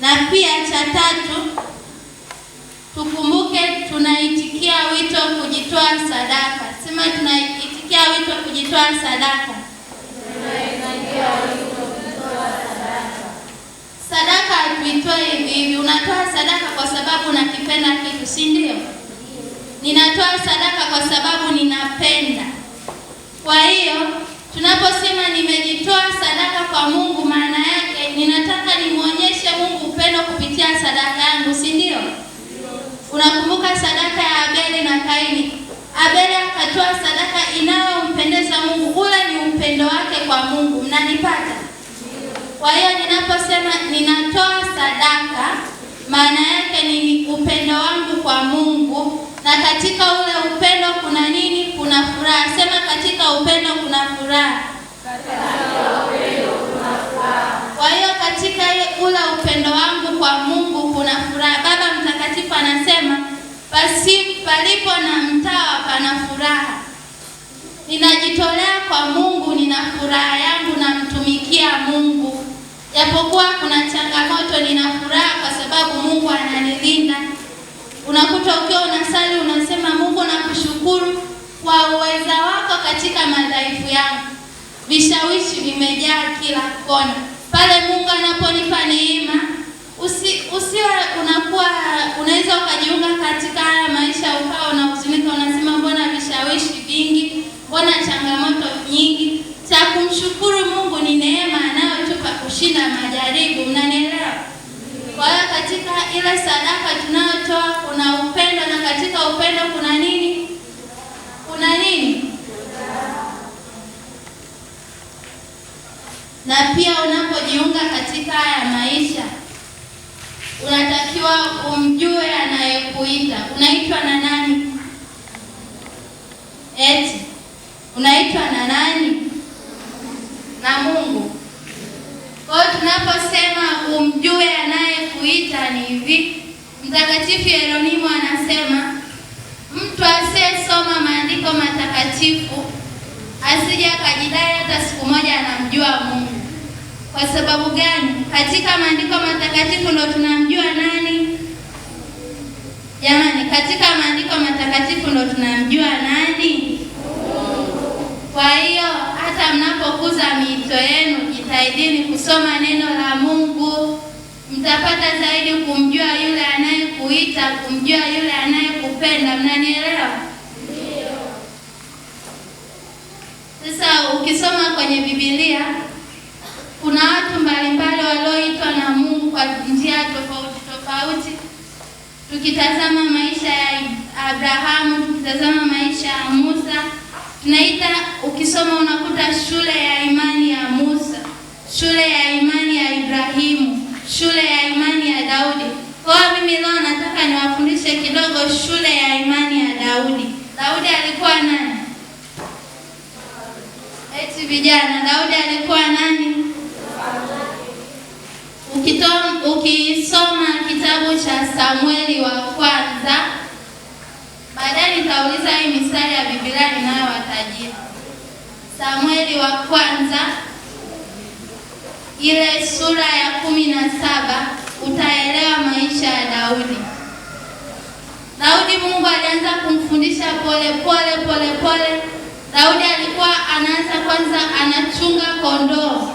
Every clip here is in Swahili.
Na pia cha tatu, tukumbuke tunaitikia wito kujitoa sadaka. Sema tunaitikia wito kujitoa sadaka. Sadaka hatuitoi hivi hivi. Unatoa sadaka kwa sababu unakipenda kitu, si ndio? Ninatoa sadaka kwa sababu ninapenda, kwa hiyo Tunaposema nimejitoa sadaka kwa Mungu, maana yake ninataka nimwonyeshe Mungu upendo kupitia sadaka yangu, si ndio? Unakumbuka sadaka ya Abeli na Kaini. Abeli akatoa sadaka inayompendeza Mungu. Ule ni upendo wake kwa Mungu. Mnanipata? Kwa hiyo ninaposema ninatoa sadaka, maana yake ni upendo wangu kwa Mungu na katika ule upendo kuna nini? Kuna furaha. Sema katika upendo kuna furaha. Kwa hiyo katika ule upendo wangu kwa Mungu kuna furaha. Baba Mtakatifu anasema basi, palipo na mtawa pana furaha. Ninajitolea kwa Mungu, nina furaha yangu, namtumikia Mungu japokuwa kuna changamoto, nina furaha kwa sababu Mungu ananilinda. Unakuta ukiwa unasa kwa uweza wako katika madhaifu yangu. Vishawishi vimejaa kila kona. Pale Mungu anaponipa neema, usi unakuwa unaweza ukajiunga katika haya maisha, ukawa unahuzunika, unasema mbona vishawishi vingi, mbona changamoto nyingi. Cha kumshukuru Mungu ni neema anayotupa kushinda majaribu, mnanielewa? Kwa hiyo katika ile sadaka tunayotoa kuna upendo, na katika upendo kuna nini? kuna nini? Na pia unapojiunga katika haya maisha, unatakiwa umjue anayekuita. Unaitwa na nani? Eti unaitwa na nani? Na Mungu. Kwa hiyo tunaposema umjue anayekuita ni hivi, Mtakatifu Yeronimo anasema mtu asiyesoma maandiko matakatifu asije akajidai hata siku moja anamjua Mungu. Kwa sababu gani? Katika maandiko matakatifu ndo tunamjua nani? Jamani, katika maandiko matakatifu ndo tunamjua nani? Kwa hiyo hata mnapokuza miito yenu, jitahidini kusoma neno la Mungu, mtapata zaidi kumjua yule anayekuita, kumjua yule anayekupenda. Mnanielewa? Sasa ukisoma kwenye Biblia kuna watu mbalimbali walioitwa na Mungu kwa njia tofauti tofauti. Tukitazama maisha ya Abrahamu, tukitazama maisha ya Musa, tunaita ukisoma unakuta shule ya imani ya Musa, shule ya imani ya Ibrahimu, shule ya imani ya Daudi. Kwa hiyo mimi leo nataka niwafundishe kidogo shule ya imani ya Daudi. Daudi alikuwa na Vijana, Daudi alikuwa nani? Ukisoma kitabu cha Samueli wa kwanza, baadaye nitauliza hii mistari ya Biblia ninayowatajia. Samueli wa kwanza ile sura ya kumi na saba utaelewa maisha ya Daudi. Daudi Mungu alianza kumfundisha pole pole pole pole Daudi alikuwa anaanza kwanza, anachunga kondoo.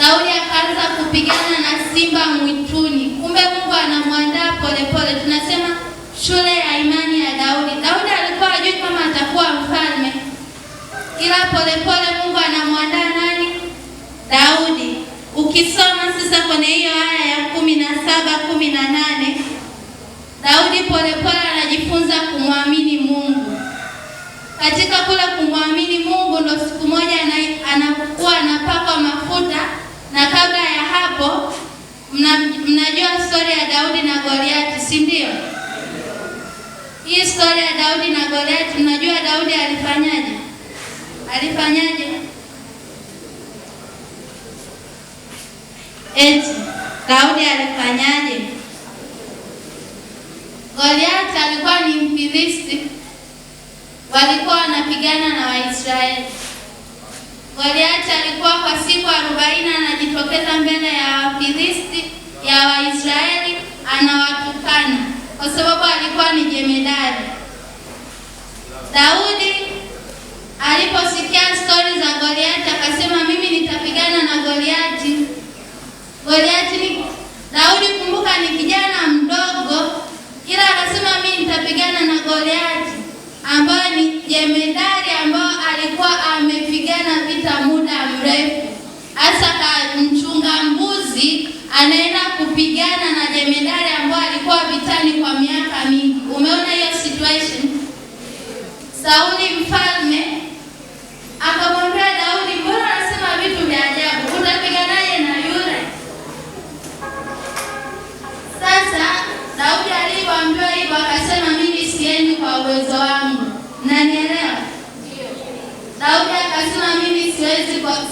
Daudi akaanza kupigana na simba mwituni. Kumbe Mungu anamwandaa polepole. Tunasema shule ya imani ya Daudi. Daudi alikuwa hajui kama atakuwa mfalme, ila polepole Mungu anamwandaa nani? Daudi. Ukisoma sasa kwenye hiyo aya ya kumi na saba kumi na nane Daudi polepole anajifunza kumwamini Mungu. Katika kule kumwamini Mungu ndo siku moja anakuwa anapakwa mafuta, na kabla ya hapo mna, mnajua stori ya Daudi na Goliati, si ndio? Hii stori ya Daudi na Goliati, mnajua Daudi alifanyaje? Alifanyaje? Eti Daudi alifanyaje? Goliati alikuwa ni Mfilisti walikuwa wanapigana na Waisraeli. goliati alikuwa kwa siku arobaini anajitokeza mbele ya Wafilisti ya Waisraeli, anawatukana kwa sababu alikuwa ni jemedari. Daudi aliposikia stori za goliati akasema, mimi nitapigana na goliati goliati ni Daudi, kumbuka ni kijana mdogo, ila akasema mimi nitapigana na goliati ambayo ni jemedari ambayo alikuwa amepigana vita muda mrefu, hasa ka mchunga mbuzi anaenda kupigana na jemedari ambayo alikuwa vitani kwa miaka mingi. Umeona hiyo situation? Sauli mfalme aka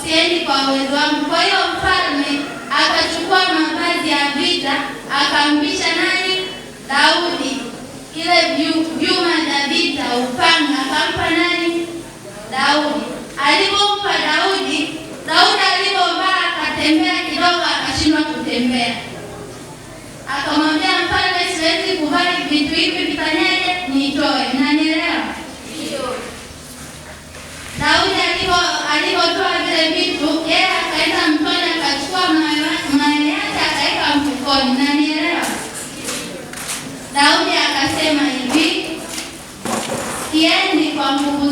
siendi kwa uwezo wangu. Kwa hiyo mfalme akachukua mavazi ya vita akamvisha nani? Daudi kile vyuma vya vita, upanga akampa nani? Daudi. Alipompa Daudi, Daudi alipovaa akatembea kidogo, akashindwa kutembea, akamwambia mfalme, siwezi kuvaa vitu hivi, vifanyeje? Nitoe, mnanielewa? Daudi akasema hivi, sieni kwa nguvu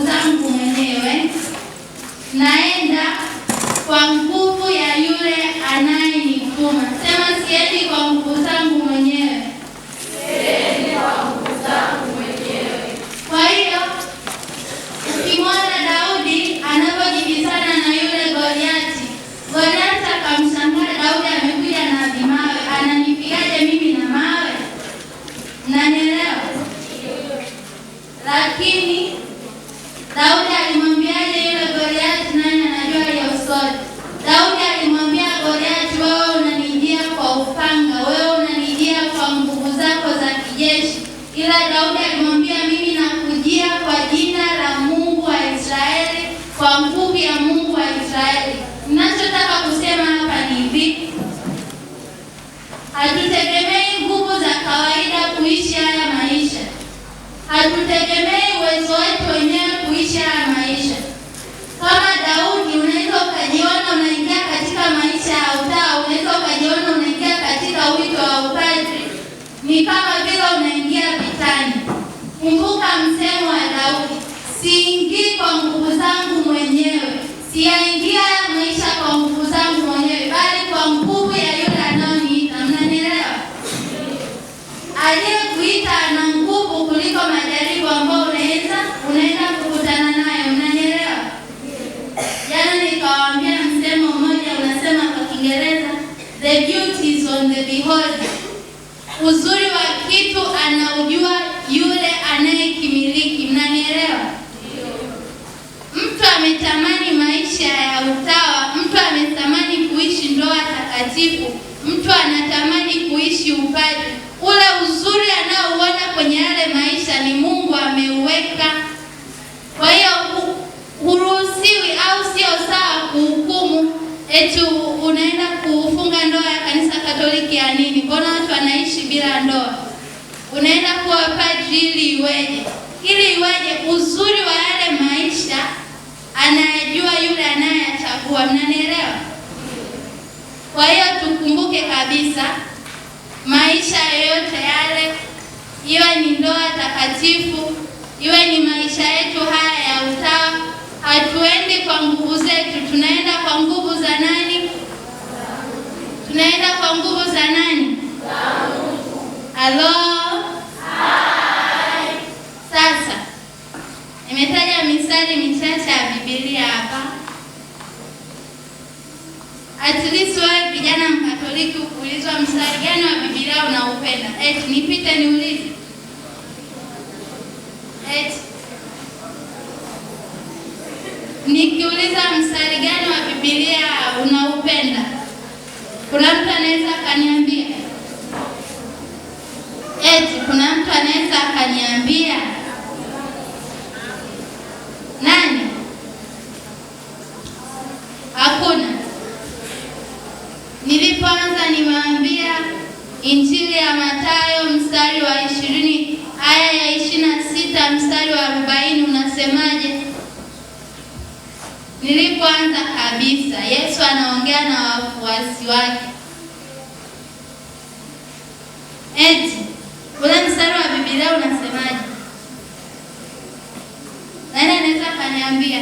Siyaingia maisha kwa nguvu zangu mwenyewe, bali kwa nguvu ya yule anayeniita. Mnanielewa? Aliyekuita ana nguvu kuliko majaribu ambayo unaweza unaenda kukutana nayo. Mnanielewa? Jana nikawaambia msemo mmoja unasema kwa Kiingereza, the beauty is on the beholder. Uzuri wa kitu anaujua yule anayekimiliki. Mnanielewa? ametamani maisha ya utawa, mtu ametamani kuishi ndoa takatifu, mtu anatamani kuishi upadre. Ule uzuri anaouona kwenye yale maisha ni Mungu ameuweka. Kwa hiyo huruhusiwi au sio sawa kuhukumu eti unaenda kufunga ndoa ya kanisa Katoliki ya nini? Mbona watu wanaishi bila ndoa? Unaenda kuwa padri ili iweje? Ili iweje? Uzuri wa yale maisha anayechagua. Mnanielewa? Kwa hiyo tukumbuke kabisa, maisha yoyote yale, iwe ni ndoa takatifu, iwe ni maisha yetu haya ya utawa, hatuendi kwa nguvu zetu, tunaenda kwa nguvu za nani? Tunaenda kwa nguvu za nani? Halo, sasa nimetaja mistari michache ya Biblia hapa. At least wewe Mkatoliki ukuulizwa mstari gani wa Biblia unaupenda, eti nipite niulize, eti nikiuliza mstari gani wa Biblia unaupenda, kuna mtu anaweza akaniambia? Eti kuna mtu anaweza akaniambia? mstari wa arobaini unasemaje? Nilipoanza kabisa, Yesu anaongea na wafuasi wake, eti ule mstari wa Biblia unasemaje? Nani anaweza kaniambia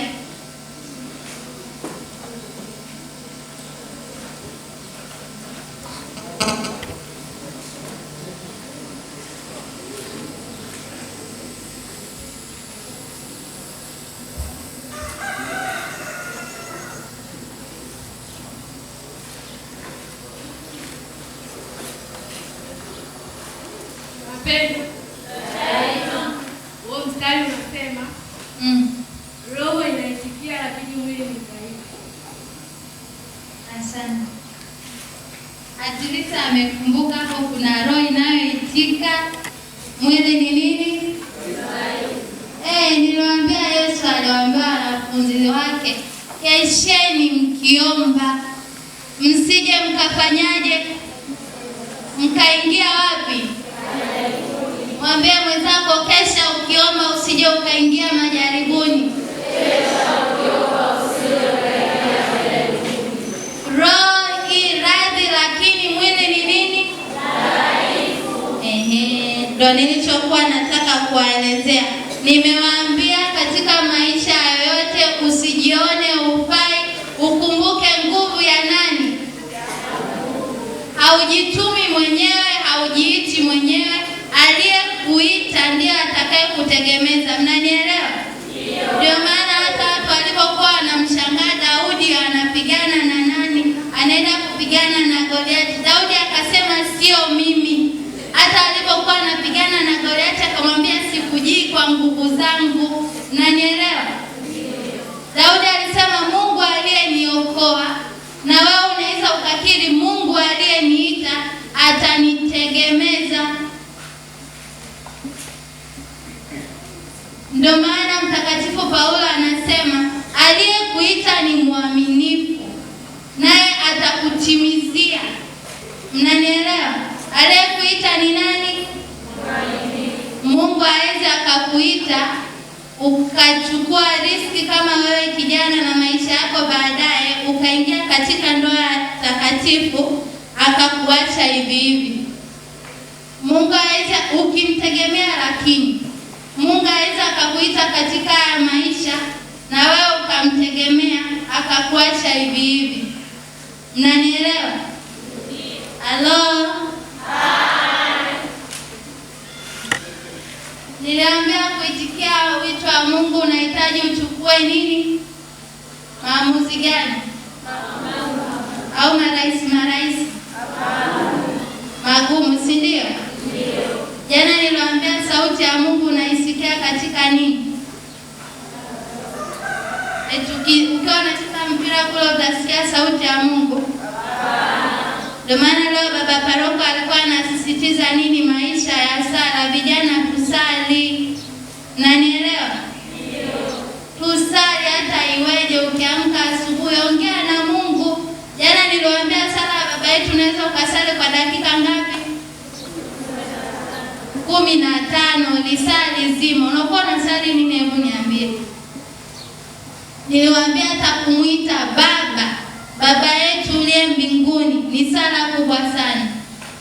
amekumbuka hapo, kuna roho inayoitika mwili ni nini? Eh, niliwaambia Yesu aliwaambia wanafunzi wake, kesheni mkiomba, msije mkafanyaje, mkaingia wapi? Mwambie mwenzako, kesha ukiomba, usije ukaingia nilichokuwa nataka kuwaelezea nimewa nguvu zangu. nyelewa. Daudi alisema Mungu aliyeniokoa, na wewe unaweza ukakiri Mungu aliyeniita atanitegemeza. Ndio maana Mtakatifu Paulo anasema aliyekuita ni mwaminifu, naye atakutimizia. Mnanielewa? Aliyekuita ni nani? Mungu aweze akakuita ukachukua riski kama wewe kijana na maisha yako, baadaye ukaingia katika ndoa takatifu akakuacha hivi hivi. Mungu aweza ukimtegemea, lakini Mungu aweza akakuita katika haya maisha na wewe ukamtegemea akakuacha hivi hivi. Mnanielewa? Hello. Niliambia kuitikia wito wa Mungu unahitaji uchukue nini? Maamuzi gani? Au marahisi marahisi magumu, si ndio? Jana niliwaambia sauti ya Mungu unaisikia katika nini? Ukiwa unacheza mpira kule utasikia sauti ya Mungu. Ndio maana leo baba paroko alikuwa anasisitiza nini, maisha ya sala, vijana kusali. Nanielewa, tusali hata iweje. Ukiamka asubuhi, ongea na Mungu. Jana niliwaambia sala ya baba yetu unaweza ukasali kwa dakika ngapi? kumi na tano. Lisali zima, unakuwa unasali nini? Hebu niambie. Niliwaambia hata kumwita baba Baba yetu uliye mbinguni, ni sala kubwa sana.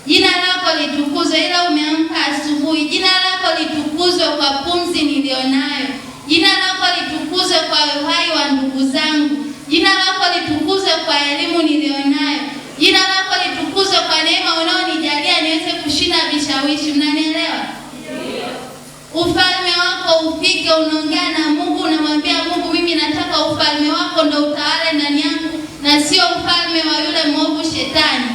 Jina lako litukuzwe, ila umeamka asubuhi. Jina lako litukuzwe kwa pumzi nilionayo. Jina lako litukuzwe kwa uhai wa ndugu zangu. Jina lako litukuzwe kwa elimu nilionayo. Jina lako litukuzwe kwa neema unaonijalia niweze kushinda vishawishi. Mnanielewa? Ufalme wako ufike. Unaongea na Mungu, unamwambia Mungu, mimi nataka ufalme wako ndio utawale ndani yangu na sio ufalme wa yule mwovu Shetani.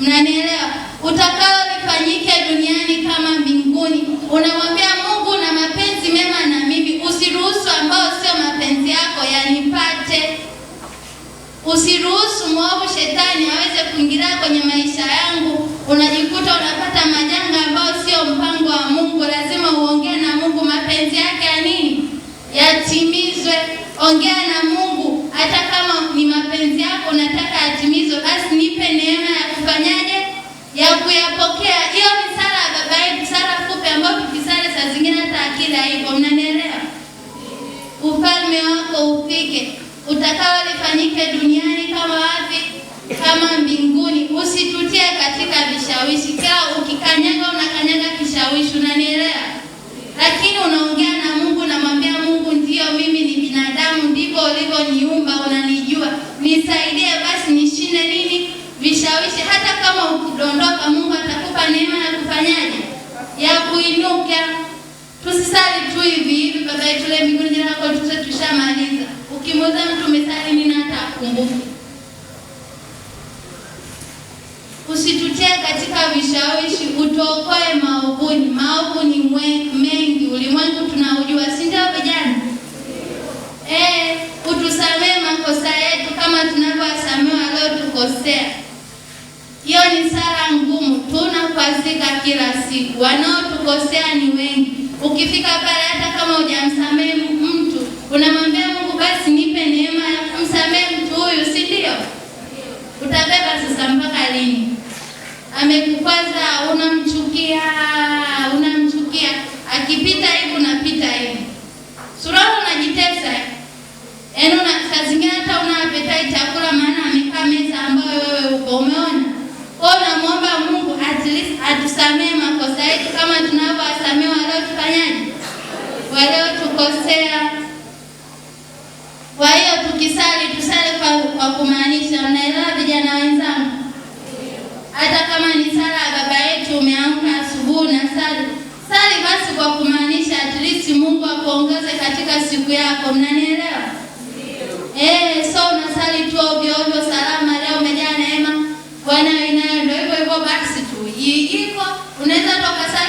Mnanielewa? utakalo lifanyike duniani kama mbinguni. Unamwambia Mungu na mapenzi mema na mimi, usiruhusu ambao sio mapenzi yako yanipate. Usiruhusu mwovu Shetani aweze kuingilia kwenye maisha yangu. Unajikuta unapata majanga ambayo sio mpango wa Mungu. Lazima uongee na Mungu, mapenzi yake ya nini yatimizwe. Ongea na Mungu hata kama ni mapenzi yako nataka yatimizwe, basi nipe neema ya kufanyaje, ya kuyapokea. Hiyo ni sala ya baba yetu, sala fupi ambayo tukisali saa zingine hata akili haipo. Mnanielewa? Ufalme wako ufike, utakao lifanyike duniani kama wapi, kama mbinguni. Usitutie katika vishawishi kudondoka, Mungu atakupa neema ya kufanyaje, ya kuinuka. Tusisali tu hivi hivi, baba yetu ile mbinguni, jina lako tuzo, tushamaliza. Ukimuuliza mtu umesali nini, hata akumbuke. Usitutie katika vishawishi, utuokoe maovuni. Maovu ni mengi, ulimwengu tunaujua, si ndio vijana? Eh, utusamee makosa yetu kama tunavyowasamehe tukosea. Hiyo ni sala ngumu, tunakwazika kila siku, wanaotukosea ni wengi. Ukifika pale, hata kama hujamsamehe mtu, unamwambia Mungu, basi nipe neema ya kumsamehe mtu huyu, si ndio? Utabeba sasa mpaka lini? Amekukwaza, unamchukia, unamchukia, akipita hivi unapita hivi, sura unajitesa, yaani kama tunavyowasamehe waliotufanyaje, waliotukosea. Kwa hiyo tukisali, tusali kwa, kwa kumaanisha. Mnaelewa vijana wenzangu? Hata kama ni sala ya baba yetu, umeamka asubuhi na sali sali basi kwa kumaanisha, at least Mungu akuongeze katika siku yako. Mnanielewa? Eh, so unasali tu ovyo ovyo, salama leo umejaa neema, Bwana inayo ndio hivyo hivyo, basi tu iko unaweza toka sali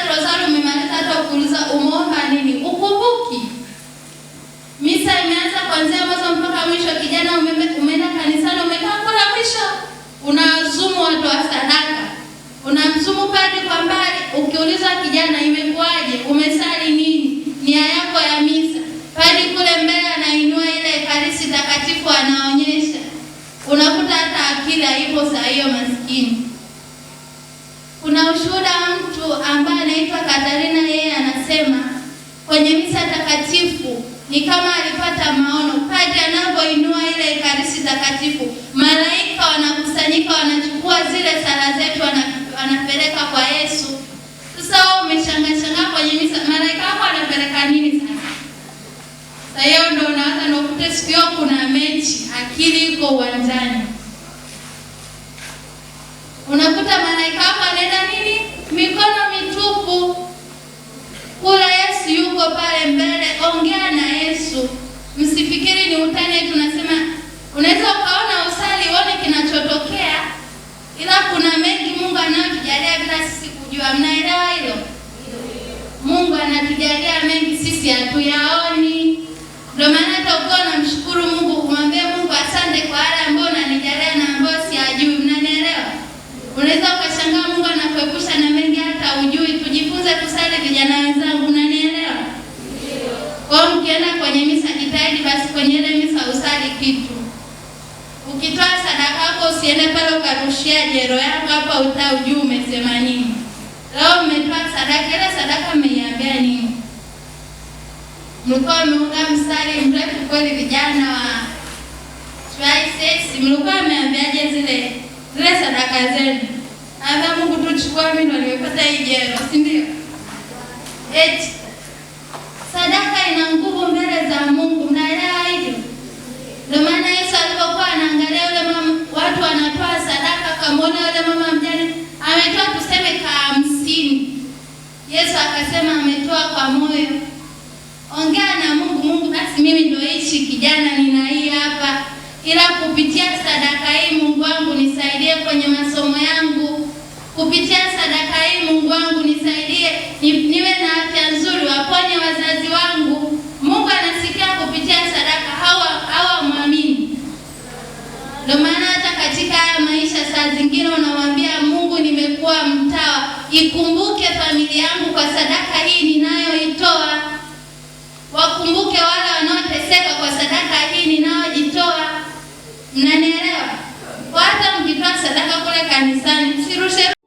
hata ukiuliza umeomba nini, ukumbuki. Misa imeanza kuanzia mwanzo mpaka mwisho, kijana umeme umeenda kanisani, umekaa kula mwisho, unazumu watu wa sadaka, unamzumu padri kwa mbali. Ukiuliza kijana, imekuwaje? Umesali nini? Nia yako ya misa? Padri kule mbele anainua ile Ekaristi Takatifu, anaonyesha. Unakuta hata akili haipo saa hiyo, maskini. Kuna ushuhuda wa ambaye anaitwa Katarina, yeye anasema kwenye misa takatifu ni kama alipata maono. Padre anapoinua ile ekaristi takatifu, malaika wanakusanyika, wanachukua zile sala zetu, wanapeleka kwa Yesu. Sasa wao umeshangashanga kwenye misa, malaika wako anapeleka nini? Sasa sasa hiyo ndio unaanza ndio kute, siku hiyo kuna mechi, akili iko uwanjani, unakuta malaika pale mbele, ongea na Yesu. Msifikiri ni utani, tunasema unaweza ukaona usali uone kinachotokea, ila kuna mengi Mungu anayotujalia bila sisi kujua. Mnaelewa hilo? Mungu anatujalia mengi sisi hatuyaoni. Ndio maana hata ukiwa unamshukuru Mungu, kumwambia Mungu asante kwa hali ambayo unanijalia usiende pale ukarushia jero yako hapa, uta ujui umesema nini leo. Mmetoa sadaka, ile sadaka mmeiambia nini? Mlikuwa mmeunga mstari mrefu kweli, vijana wa Twice, mlikuwa mmeambiaje zile zile sadaka zenu? Hata Mungu tuchukua mimi ndio nimepata hii jero, si ndio? eti wengine wanawaambia Mungu, nimekuwa mtawa, ikumbuke familia yangu kwa sadaka hii ninayoitoa. Wakumbuke wale wanaoteseka kwa sadaka hii ninayojitoa. Mnanielewa? Hata mkitoa sadaka kule kanisani msirushe